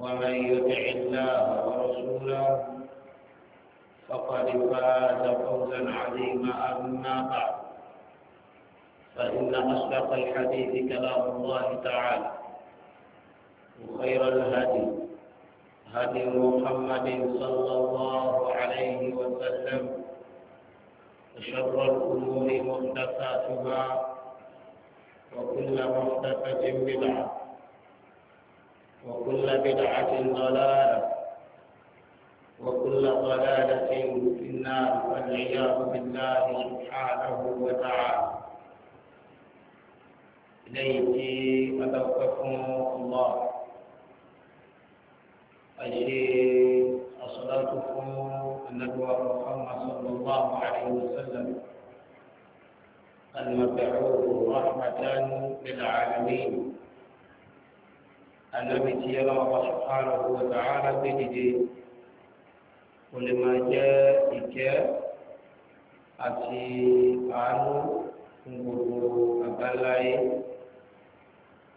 ومن يطع الله ورسوله فقد فاز فوزا عظيما اما بعد فان اصدق الحديث كلام الله تعالى وخير الهدي هدي محمد صلى الله عليه وسلم وشر الامور محدثاتها وكل محدثه بدعه وكل بدعة ضلالة وكل ضلالة في النار والعياذ بالله سبحانه وتعالى إليه أتوقفكم الله أجري أصلاتكم النبوة محمد صلى الله عليه وسلم المبعوث رحمة للعالمين alóbi tí ọlọ́wọ́ subhanahu wa ta'ala gbé dìde kò lè máa jẹ́ ìkẹ́ àti àánú fún gbogbo àbáláyé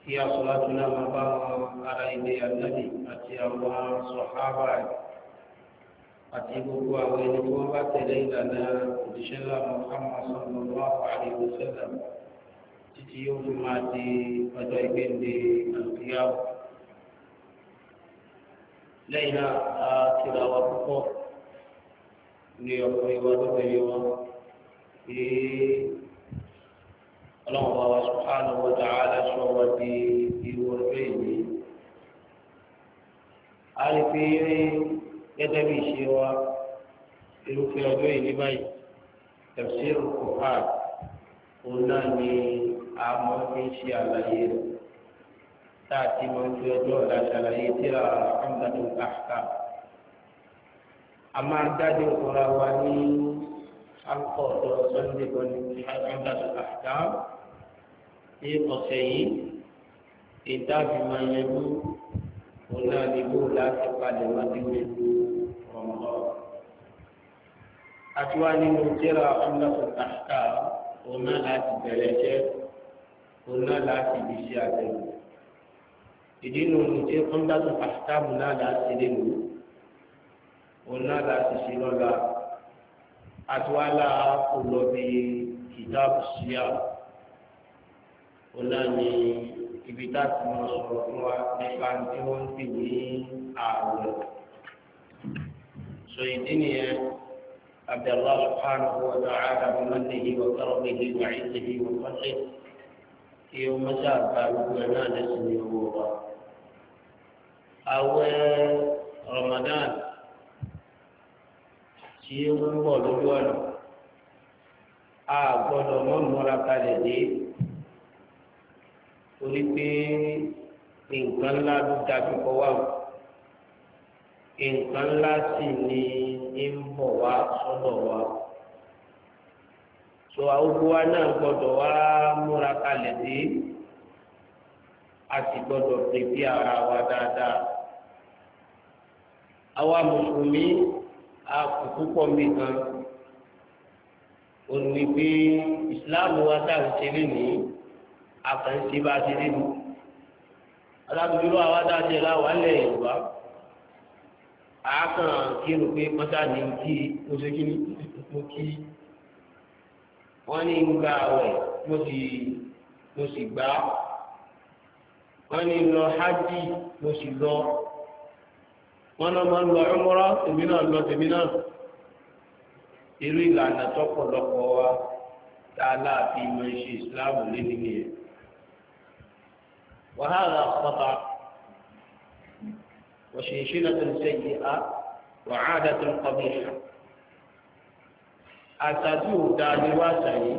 kí asọ́lájú náà máa bá wọn ara ilé ànábì àti àwọn sọ̀hábà àti gbogbo àwọn ẹni tí wọ́n bá tẹ̀lé ìlànà òjíṣẹ́ ńlá Muhammad sallallahu alaihi wasallam títí yóò fi máa di ọjọ́ ìgbéǹde àlùkìyàwó lẹ́yìn náà a kíra wa púpọ̀ ní ọkùnrin wa lóbìnrin wa pé ọlọ́run bá wa subhanahu wa ta'ala sọ wa di irú ọjọ́ ìní. a lè fi gẹ́gẹ́ bí ìṣe wa irúfẹ́ ọjọ́ ìní báyìí tafsir Qur'an òun náà ni a fi ń ṣe àlàyé rẹ̀ táàtì mọ ojú ọjọ́ ọ̀la ṣàlàyé tíra ọ̀gbàdo àṣà a máa dájú ìfura wa ní akọ̀ ọ̀dọ̀ sunday bọ́ni ọ̀gbàdo àṣà ní ọ̀sẹ̀ yìí ìdáàbì máa yẹ mú òun náà ní bó láti padà wá sí gbogbo ọ̀mọ́ àti wá nínú tíra ọ̀gbàdo ìdí nu ti ń dájú àṣìkáàmù náà là á ti lè lò òun náà là á ti ṣe lọ́la àtiwálà kò lọ bí kìtáàbù síyà òun náà ni ibi tá a ti mọ sọ̀rọ̀ fún wa nípa tí wọ́n ń pè ní ààrùn sọ ìdí nìyẹn. عبد الله سبحانه وتعالى بمنه وكرمه وعزه وفضله يوم زاد باب الجنان اسمه الله àwẹ̀ Ramadan tí ó ń bọ̀ lójú ọ̀nà a gbọ́dọ̀ mọ́ múra kalẹ̀ dé torí pé nǹkan ńlá ló dájú kọ wá nǹkan ńlá sì ni ń bọ̀ wá sọ́dọ̀ wa so àwùjọ wa náà gbọ́dọ̀ wá múra kalẹ̀ dé a sì gbọ́dọ̀ pèpè ara wa dáadáa àwa mùsùlùmí àkùkùkọ̀ mi kan olùwípé Islam wa táwọn ṣe lé ní àkànṣe bá ṣe lé ní alábìbíró àwa dáṣe láwàá lẹ̀ yorùbá àákàn kírun pé pátá ní kí mo ṣe kí mo ní ń gba mo sì mo sì gbà wọ́n ní lọ hajj mo sì lọ. wọn náà máa ń lọ ọmọrọ tèmi náà lọ tèmi náà irú ìlànà tọ́pọ̀lọpọ̀ wa tá a láàfin mọ iṣẹ́ ìsìláàmù lẹni nìyẹn wàhálà pátá wàṣẹṣẹlẹ sẹyìn a wàhálà tó ń kọbi àṣà tí ò dáa ní wá sàyè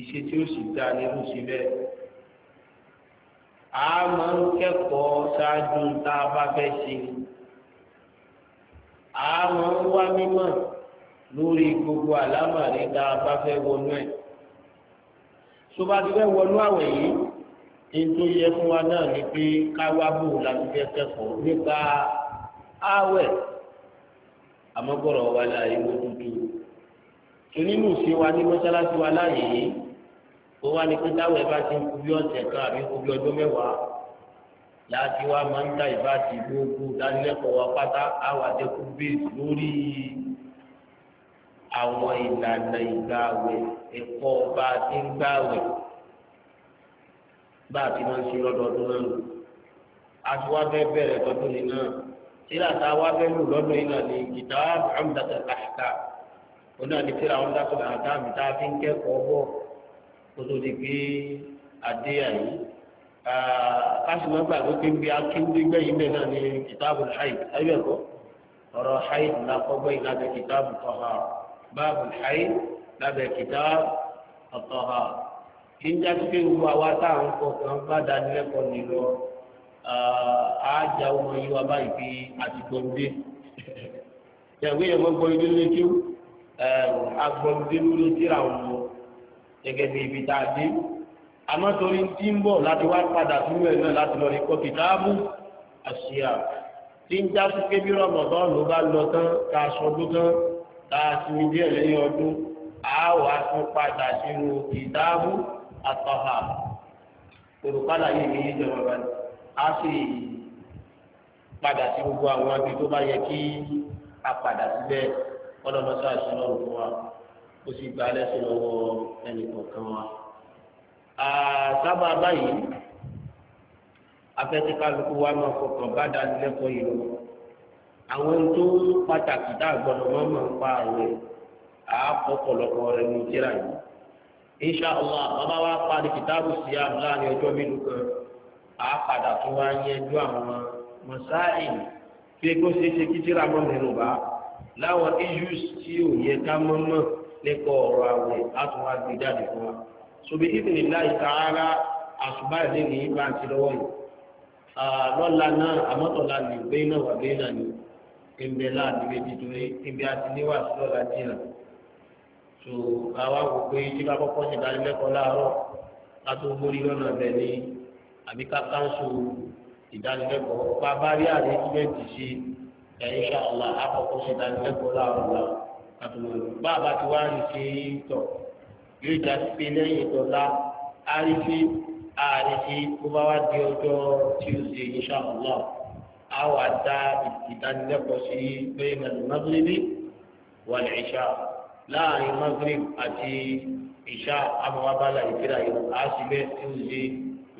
ìṣe tí ó sì ní irú sí bẹ́ẹ̀ a máa ń kẹ́kọ̀ọ́ ṣáájú tá a bá fẹ́ ṣe àmọ́ ń wá mímọ̀ lórí gbogbo àlámàrí tá a bá fẹ́ wọnú ẹ̀. tó bá ti fẹ́ wọnú àwẹ̀ yìí ní tó yẹ fún wa náà ni pé káwá bò láti fẹ́ kẹ́kọ̀ọ́ nípa àwẹ̀ àmọ́ gbọ́dọ̀ wà láàyè wọ́n tuntun. onínú sí wa ní mọ́sálásí wa láàyè yìí ó wá ní pé táwọn ẹ bá ti ń kú bí ọ̀sẹ̀ kan àbí kú bí ọdún mẹ́wàá láti wá máa ń ta ìbá ti gbogbo dánilẹ́kọ̀ọ́ wa pátá àwàdẹ́kù bíìsì lórí àwọn ìlànà ìgbàwẹ̀ ẹ̀kọ́ bá a ti ń gbàwẹ̀ bá a ti máa ń ṣe lọ́dọọdún náà àti wá bẹ́ẹ̀ bẹ̀rẹ̀ tọdún yìí náà tíra tá wá bẹ́ẹ̀ lù lọ́dún yìí náà ni kitab Umdatul Ahkam oní àti tíra Umdatul Ahkam mi tá a fi ń kẹ́kọ̀ọ́ bọ̀ kó tó di adé àyè. Ah, kásìmọ́ gbàgbé pé bí akéwì gbẹ̀yìn bẹ́ẹ̀ náà ní kìtàbù haid ayọ̀kọ́ ọ̀rọ̀ haid lákọ́gbẹ́yìn lábẹ́ kìtàbù tọ́ha báàbù haid lábẹ́ kìtàbù tọ́ha kí n jáde gbogbo àwa tá à kan bá dánilẹ́kọ̀ọ́ nílọ àájà ah, ọmọ yìí wá báyìí fi àtìgbọ̀ndé ìyàwó yẹn mọ́ gbọ́ ilé lékiw ló àmọ́ torí tí ń bọ̀ láti wá padà sínú ẹ̀ náà láti lọ rí kọ́ kìtáàbù àṣìyà tí ń já sí pé bí rọ̀mọ̀tán ló bá lọ tán ká sọdún tán ká sinmi díẹ̀ lẹ́yìn ọdún á wà tún padà sínú kìtáàbù àtọ̀hà òrùkálà yìí ní ìjọba bá ní sì padà sí gbogbo àwọn abẹ tó bá yẹ kí a padà síbẹ̀ ọlọ́mọṣáàṣì lọ́rùn fún wa ó sì gba alẹ́ sí lọ́wọ́ ẹnì kọ̀ọ̀kan wa sábà báyìí afẹ́tíkálukú wa máa fọkàn bá dánilẹ́kọ̀ọ́ yìí lọ àwọn tó pàtàkì tá a gbọ́dọ̀ máa máa pa àwẹ̀ àápọ̀pọ̀lọpọ̀ rẹ̀ ní ìjìrà yìí insha allah bàbá wa parí kìtàbù sí abúlá ní ọjọ́ mélòó kan àápadà tó wá yẹjú àwọn mọ̀sáì pé kó ṣe ṣe kí tíra mọ́ mi rùbá láwọn issues tí ò yẹ ká mọ́ mọ́ nípa ọ̀rọ̀ àwẹ̀ á jáde fún wa ṣòbí ìdìní láì tààrà àṣùbá ìdí ní ìgbà àti lọ́wọ́ yìí lọ́la náà àmọ́tọ̀la ní ìgbé náà wà gbé náà ní ìgbẹ́ láàbí méjì torí ibi àti níwà sí lọ́la jìnnà tó àwa wò pé tí bá kọ́kọ́ ṣe ìdánilẹ́kọ̀ọ́ láàárọ̀ ká tó gbórí lọ́nà bẹ̀ ní àbí ká káńsù ìdánilẹ́kọ̀ọ́ bàbá rí àrẹ́jìmẹ́ǹtì sí ẹ̀yìn ṣàlá àkọ́kọ́ ṣe ìdánilẹ́kọ̀ọ́ láàárọ̀ la bàbá ti yóò já sí pé lẹ́yìn dọ́là àrífi àrífi ó bá wá di ọjọ́ tuesday inshallah a wà dá ìdánilẹ́kọ̀ọ́ sí bẹ́ẹ̀nà magrebi wal isha láàrin magreb àti isha amọ̀wábàlà ìfira yìí a sì bẹ́ tuesday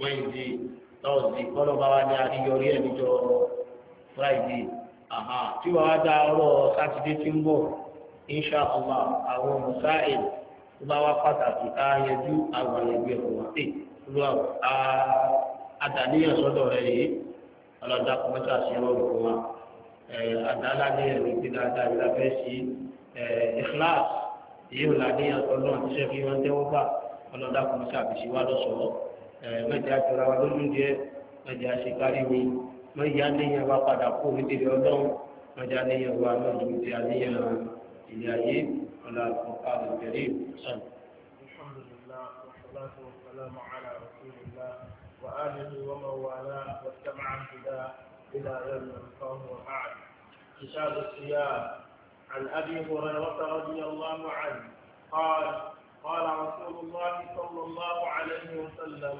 wednesday thursday kọ́lọ́ bá wá ní àríyọrí ẹ̀ níjọ́ friday tí wàá dá ọ̀rọ̀ sátidé tí ń bọ̀ inshallah àwọn musaid tó bá wá pàtàkì á yẹjú àwọn ẹgbẹ́ ọ̀hún àti olúwa àtàníyàn sọ́dọ̀ rẹ̀ yìí ọlọ́dà kọ́mọ́tà sí ọ̀rọ̀ fún wa àdáńlá ní ẹ̀rọ ìpín dáadáa ìlà fẹ́ sí ìkíláàsì èyí ò láníyàn sọ́dọ̀ àti sẹ́fì wọn tẹ́wọ́ gbà ọlọ́dà kọ́mọ́tà fi sí wa lọ́sọ̀ọ́ mẹ́jẹ àjọra wa lójú díẹ̀ mẹ́jẹ àṣekárí mi mẹ́jẹ àníyàn wa padà kó mi dèrè ọlọ́run mẹ́jẹ àníyàn wa lọ́dún ti àníyàn ilé ayé ọlọ́run. القرآن الكريم أحسن نعم. الحمد لله والصلاة والسلام على رسول الله وآله ومن والاه واتبع اهتداه إلى يوم القوم وبعد كتاب الصيام عن أبي هريرة رضي الله عنه قال قال رسول الله صلى الله عليه وسلم